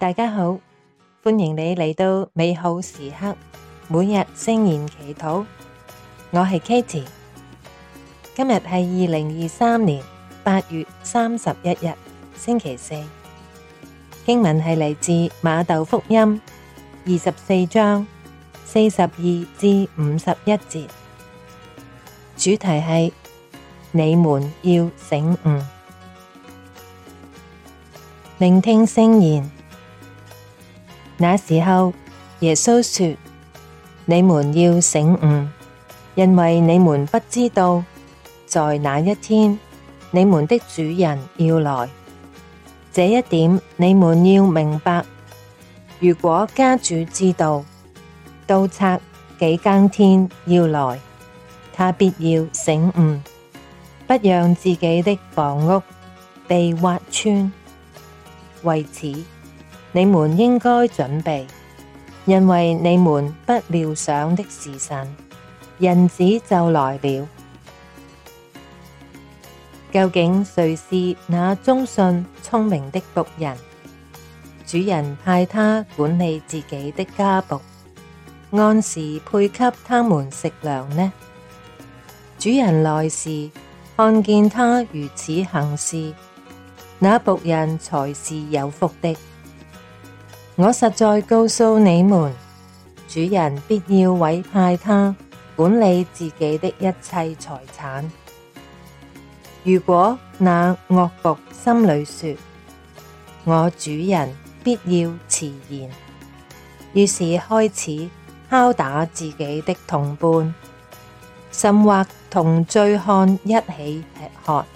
大家好，歡迎你嚟到美好時刻，每日聲言祈禱。我係 Katie，今日係二零二三年八月三十一日星期四。經文係嚟自馬竇福音二十四章四十二至五十一節，主題係你們要醒悟，聆聽聲言。那時候，耶穌說：你們要醒悟，因為你們不知道，在那一天你們的主人要來。這一點你們要明白。如果家主知道盜賊幾更天要來，他必要醒悟，不讓自己的房屋被挖穿。為此，你們應該準備，因為你們不料想的時辰，人子就來了。究竟誰是那忠信聰明的僕人？主人派他管理自己的家僕，按時配給他們食糧呢？主人來時，看見他如此行事，那僕人才是有福的。我實在告訴你們，主人必要委派他管理自己的一切財產。如果那惡僕心裡說我主人必要遲延，於是開始拷打自己的同伴，甚或同醉漢一起吃喝，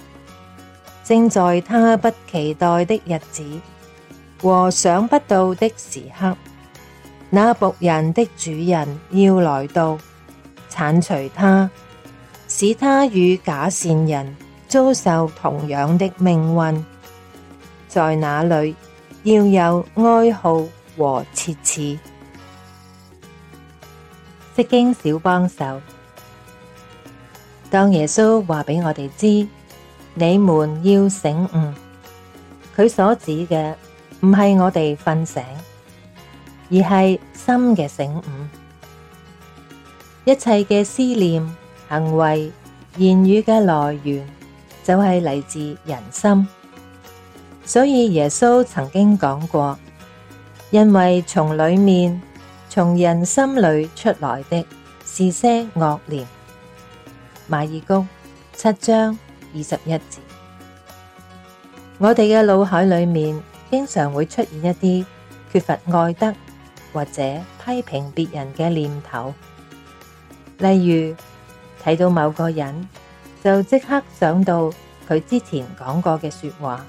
正在他不期待的日子。和想不到的時刻，那僕人的主人要來到，鏟除他，使他與假善人遭受同樣的命運。在那裡要有哀號和切齒。釋經小幫手，當耶穌話畀我哋知，你們要醒悟，佢所指嘅，唔係我哋瞓醒，而係心嘅醒悟。一切嘅思念、行為、言語嘅來源，就係嚟自人心。所以耶穌曾經講過：「因為從裡面、從人心裡出來的是些惡念」。馬爾谷七章二十一節，我哋嘅腦海裡面。經常會出現一啲缺乏愛德或者批評別人嘅念頭，例如睇到某個人就即刻想到佢之前講過嘅說話，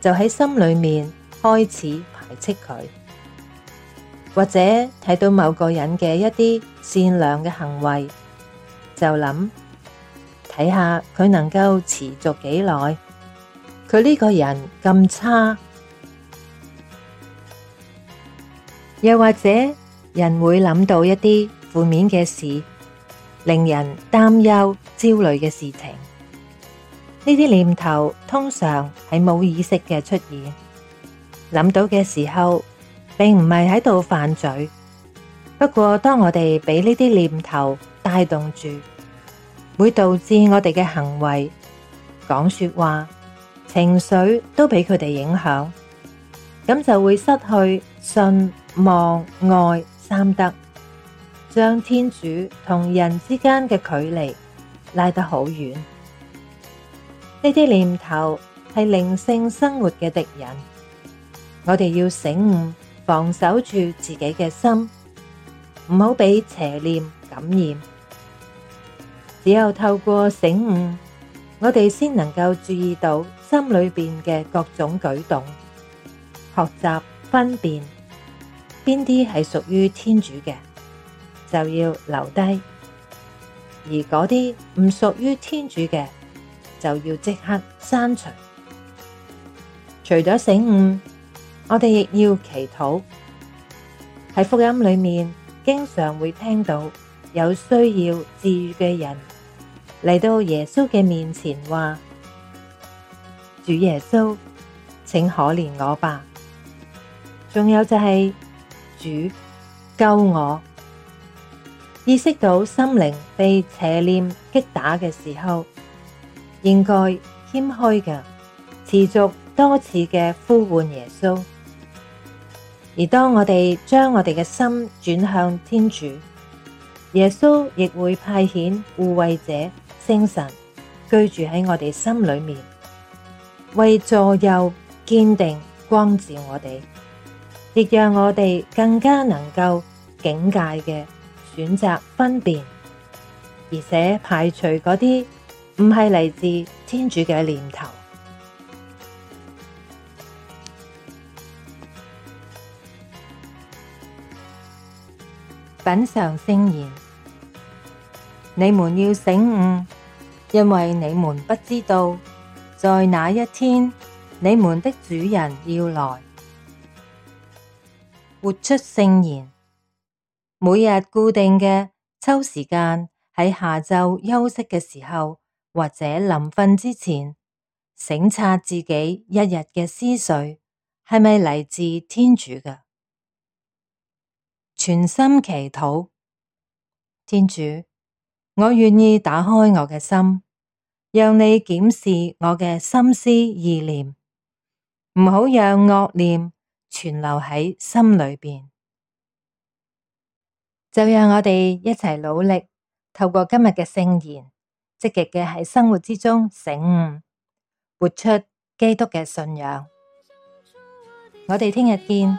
就喺心裏面開始排斥佢；或者睇到某個人嘅一啲善良嘅行為，就諗：睇下佢能夠持續幾耐。佢呢個人咁差，又或者人會諗到一啲負面嘅事，令人擔憂、焦慮嘅事情。呢啲念頭通常係冇意識嘅出現，諗到嘅時候，並唔係喺度犯罪。不過當我哋俾呢啲念頭帶動住，會導致我哋嘅行為、講說話。情緒都俾佢哋影響，咁就會失去信望愛三德，將天主同人之間嘅距離拉得好遠。呢啲念頭係靈性生活嘅敵人，我哋要醒悟，防守住自己嘅心，唔好俾邪念感染。只有透過醒悟，我哋先能夠注意到。心裏邊嘅各種舉動，學習分辨邊啲係屬於天主嘅，就要留低；而嗰啲唔屬於天主嘅，就要即刻刪除。除咗醒悟，我哋亦要祈禱。喺福音裏面，經常會聽到有需要治癒嘅人嚟到耶穌嘅面前話：主耶穌，請可憐我吧。仲有就係、是、主救我。意識到心靈被邪念擊打嘅時候，應該謙虛嘅，持續多次嘅呼喚耶穌。而當我哋將我哋嘅心轉向天主，耶穌亦會派遣護衛者聖神居住喺我哋心裡面。為助佑堅定光、光照我哋，亦讓我哋更加能夠警戒嘅選擇分辨，而且排除嗰啲唔係嚟自天主嘅念頭。品嘗聖言，你們要醒悟，因為你們不知道。在那一天，你們的主人要來，活出聖言。每日固定嘅抽時間喺下晝休息嘅時候，或者臨瞓之前，省察自己一日嘅思緒係咪嚟自天主嘅，全心祈禱。天主，我願意打開我嘅心。讓你檢視我嘅心思意念，唔好讓惡念存留喺心裏邊。就讓我哋一齊努力，透過今日嘅聖言，積極嘅喺生活之中醒悟，活出基督嘅信仰。我哋聽日見。